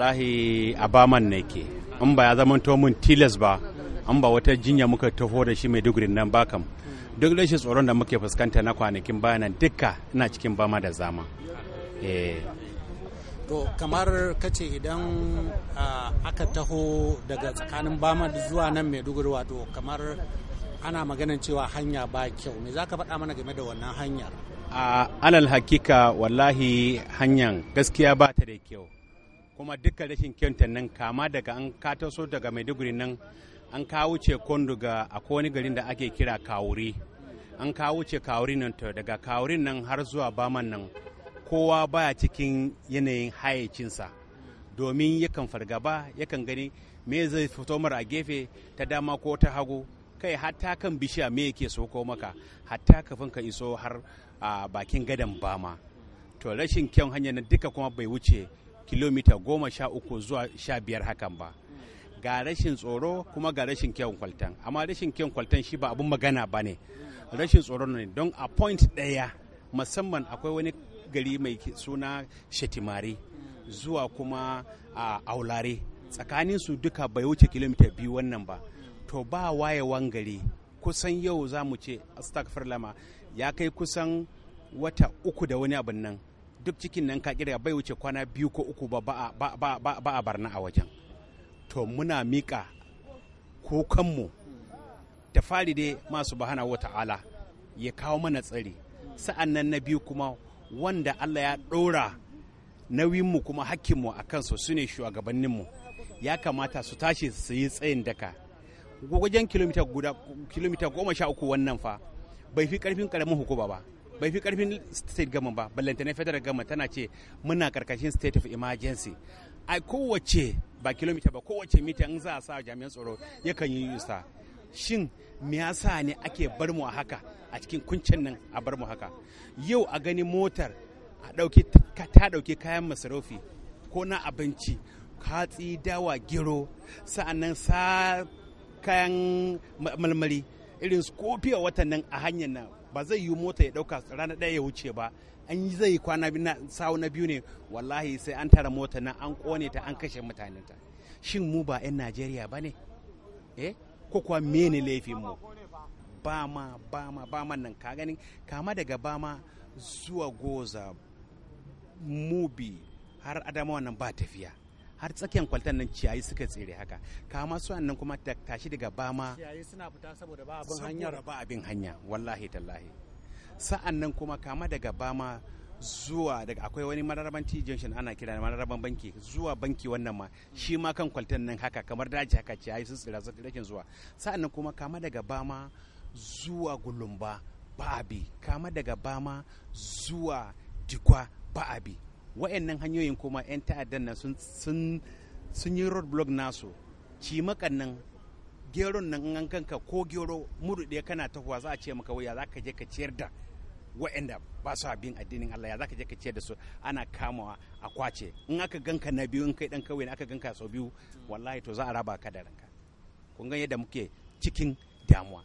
wallahi a baman ke, in ba ya zamanto mun tilas ba an ba wata jinya muka taho da shi mai dugurin nan ba kam duk shi tsoron da muke fuskanta na kwanakin bayanan dukka ina cikin bama da zama eh. to kamar kace idan aka taho daga tsakanin bama zuwa nan mai maiduguri wato kamar ana maganin cewa hanya ba kyau me za ka faɗa mana game da wannan hanyar a alal hakika wallahi hanyar gaskiya ba ta da kyau kuma dukkan rashin kyautar nan kama daga an kataso daga maiduguri nan an kawo ce kondo ga akwai wani garin da ake kira kawuri an kawo ce kawuri nan to daga kawurin nan har zuwa baman nan kowa baya cikin yanayin hayacinsa domin yakan fargaba yakan gani me zai fito mara a gefe ta dama ko ta hagu kai hatta kan bishiya me yake so ko maka hatta kafin ka iso har a bakin gadan bama to rashin kyan hanyar nan duka kuma bai wuce kilomita goma sha uku zuwa sha biyar hakan ba ga rashin tsoro kuma ga rashin kyawun kwaltan amma rashin kyawun kwaltan shi ba abin magana ba ne rashin tsoro ne don a point daya musamman akwai wani gari mai suna shetimari zuwa kuma a aulare tsakanin su duka bai wuce kilomita biyu wannan ba to ba wayewan gari kusan yau za mu ce astagfirlama ya kai kusan wata uku da wani abin nan duk cikin nan ka kirga bai wuce kwana biyu ko uku ba ba a barna a wajen to muna miƙa kanmu da fari dai masu bahana wa ta'ala ya kawo mana tsari sa'an nan na biyu kuma wanda Allah ya ɗora nauyinmu kuma mu a kansu su ne shugabanninmu ya kamata su tashi su yi tsayin daka wajen kilomita goma sha uku wannan fa bai fi ƙarfin karamin hukuma ba bai fi karfin state gama ba ballantane federal gama tana ce muna karkashin state of emergency a kowace ba kilomita ba kowace mita in za a sa jami'an tsaro yakan yi yusa shin me yasa ne ake bar mu a haka a cikin kuncin nan a bar mu haka yau a gani motar a dauke ta dauke kayan masarufi ko na abinci hatsi dawa gero sa'annan sa kayan malmari irin su kofi a watan nan a hanyar nan ba zai yi mota ya dauka rana ɗaya ya wuce ba an yi zai kwana sawu na biyu ne wallahi sai an tara mota na an kone ta an kashe mutanen ta shin mu ba 'yan najeriya ba ne eh ko kuwa mene laifin mu bama bama ma nan ka gani kama daga bama zuwa goza mubi har adamawa nan ba tafiya har tsakiyar kwaltan nan ciyayi suka tsere haka kama su nan kuma tashi daga bama ciyayi suna fita saboda ba abin hanya ba abin hanya wallahi tallahi sa'an nan kuma kama daga bama zuwa daga akwai wani mararaban t junction ana kira mararaban banki zuwa banki wannan ma shi ma kan kwaltan nan haka kamar daji haka ciyayi sun tsira sun rashin zuwa sa'an nan kuma kama daga bama zuwa gulumba ba abi kama daga bama zuwa dikwa ba abi wa'annan hanyoyin kuma 'yan ta'addan nan sun yi roadblock nasu cimakan nan geron nan an kanka ko gero mudu ɗaya kana tahowa za a ce maka waya za ka je ka ciyar da wa'anda ba su abin addinin Allah ya za ka je ka ciyar da su ana kamawa a kwace in aka ganka na biyu in kai dan kawai aka ganka sau biyu wallahi to za a raba ka da ranka kun ga yadda muke cikin damuwa